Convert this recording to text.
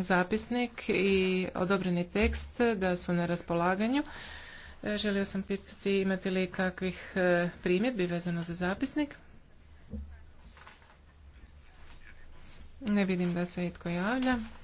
zapisnik i odobreni tekst da su na raspolaganju. E, želio sam pitati imate li kakvih e, primjedbi vezano za zapisnik? Ne vidim da se itko javlja.